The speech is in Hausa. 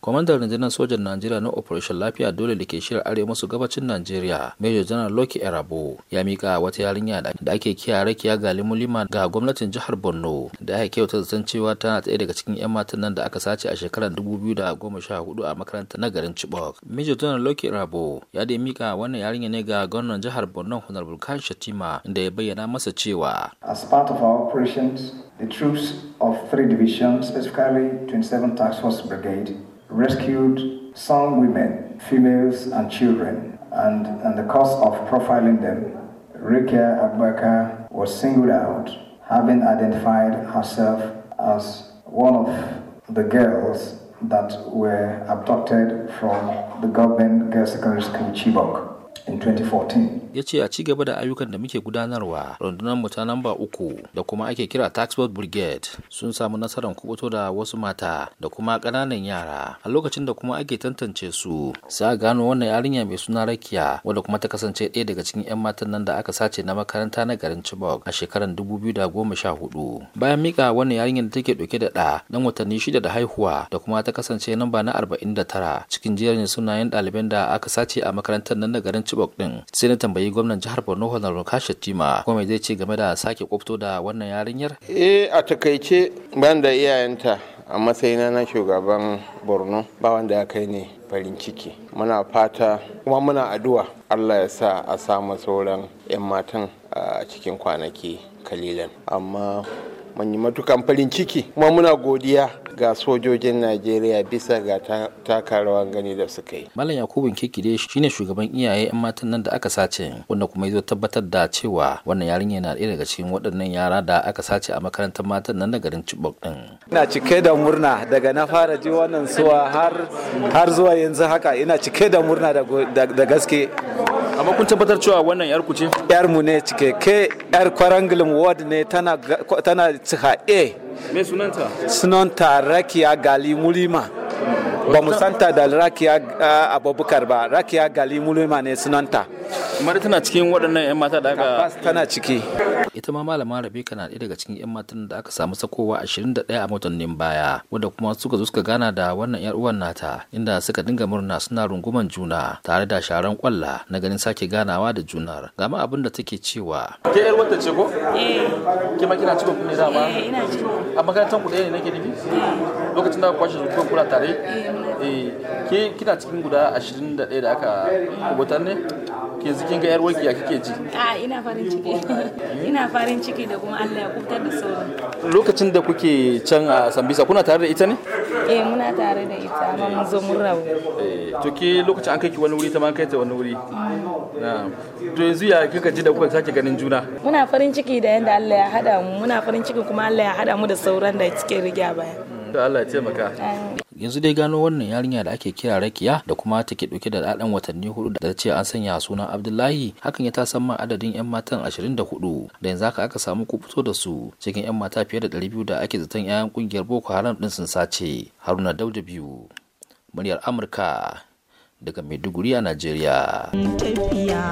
kwamandan rundunar sojan najeriya na operation lafiya dole da ke shirar arewa masu gabacin najeriya major general loki erabo ya mika wata yarinya da ake kiya rakiya gali mulima ga gwamnatin jihar borno da aka kyauta zaton cewa tana ɗaya daga cikin yan matan nan da aka sace a shekarar 2014 a makarantar na garin chibok major general loki erabo ya dai mika wannan yarinya ne ga gwamnan jihar borno hunar bulkan shatima da ya bayyana masa cewa as part of our operations the troops of three divisions specifically 27 task force brigade rescued some women, females and children, and in the course of profiling them, Rekia Abubakar was singled out, having identified herself as one of the girls that were abducted from the government girls' secondary school Chibok. yace Ya ce a ci gaba da ayyukan da muke gudanarwa rundunar mu namba uku da kuma ake kira Taxport Brigade sun samu nasarar kubuto da wasu mata da kuma ƙananan yara a lokacin da kuma ake tantance su sa gano wannan yarinya mai suna Rakiya wadda kuma ta kasance ɗaya daga cikin 'yan matan nan da aka sace na makaranta na garin Chibok a shekarar 2014. Bayan mika wannan yarinya da take ɗauke da ɗa dan watanni shida da haihuwa da kuma ta kasance namba na 49 cikin jerin sunayen ɗaliban da aka sace a makarantar nan na garin Chibok din. Sai na tambayi gwamnan jihar Borno Honorable Kashi Tima ko me zai ce game da sake kwafto da wannan yarinyar? Eh a takaice ban da iyayenta a matsayina na shugaban Borno ba wanda ya kai ne farin ciki. Muna fata kuma muna addu'a Allah ya sa a samu sauran 'yan matan a cikin kwanaki kalilan. Amma mun yi matukan farin ciki kuma muna godiya ga sojojin Najeriya bisa ga taka gani da suka yi. Malam Yakubu Kekide shine shugaban iyaye 'yan matan nan da aka sace wanda kuma ya tabbatar da cewa wannan yarinya na ɗaya daga cikin waɗannan yara da aka sace a makarantar matan nan na garin Chibok din. Ina cike da murna daga na fara ji wannan suwa har har zuwa yanzu haka ina cike da murna da gaske amma kun tabbatar cewa wannan yar ku ce yar mu ne cike ke yar kwarangulum ward ne tana tana cika e me sunanta sunanta rakiya gali mulima ba mu santa da rakiya abubakar ba rakiya gali mulima ne sunanta mari tana cikin waɗannan 'yan mata da aka tana ciki ita ma malama rabeka kana ɗaya daga cikin 'yan matan da aka samu sakowa 21 a watannin baya wanda kuma suka zo suka gana da wannan 'yar uwan nata inda suka dinga murna suna runguman juna tare da sharan kwalla na ganin sake ganawa da junar ga ma abin da take cewa ke 'yar wata ce ko eh ke ma kina cikin kuma dama eh ina cikin a makarantar ku ɗaya ne nake nufi eh. lokacin da kwashe zuwa kula eh, tare eh ke kina cikin guda 21 da aka kubutar ne ke kin ga yar wanki ya kike ji a ina farin ciki ina farin ciki da kuma Allah ya kubutar da sauran lokacin da kuke can a Sambisa kuna tare da ita ne eh muna tare da ita amma mun zo mun rawo eh to ke lokacin an kai ki wani wuri ta ma kai ta wani wuri na'am to yanzu ya kika ji da kuka sake ganin juna muna farin ciki da yanda Allah ya hada mu muna farin ciki kuma Allah ya hada mu da sauran da suke rigya baya Allah ya taimaka yanzu dai gano wannan yarinya da ake kira rakiya da kuma take dauke da ɗaɗan watanni hudu da ce an sanya sunan abdullahi hakan ya tasan ma adadin yan matan 24 da yanzu haka aka samu kubuto da su cikin yan mata fiye da 200 da ake zaton yayan kungiyar boko haram din sun sace haruna dauda biyu muryar amurka daga maiduguri a najeriya tafiya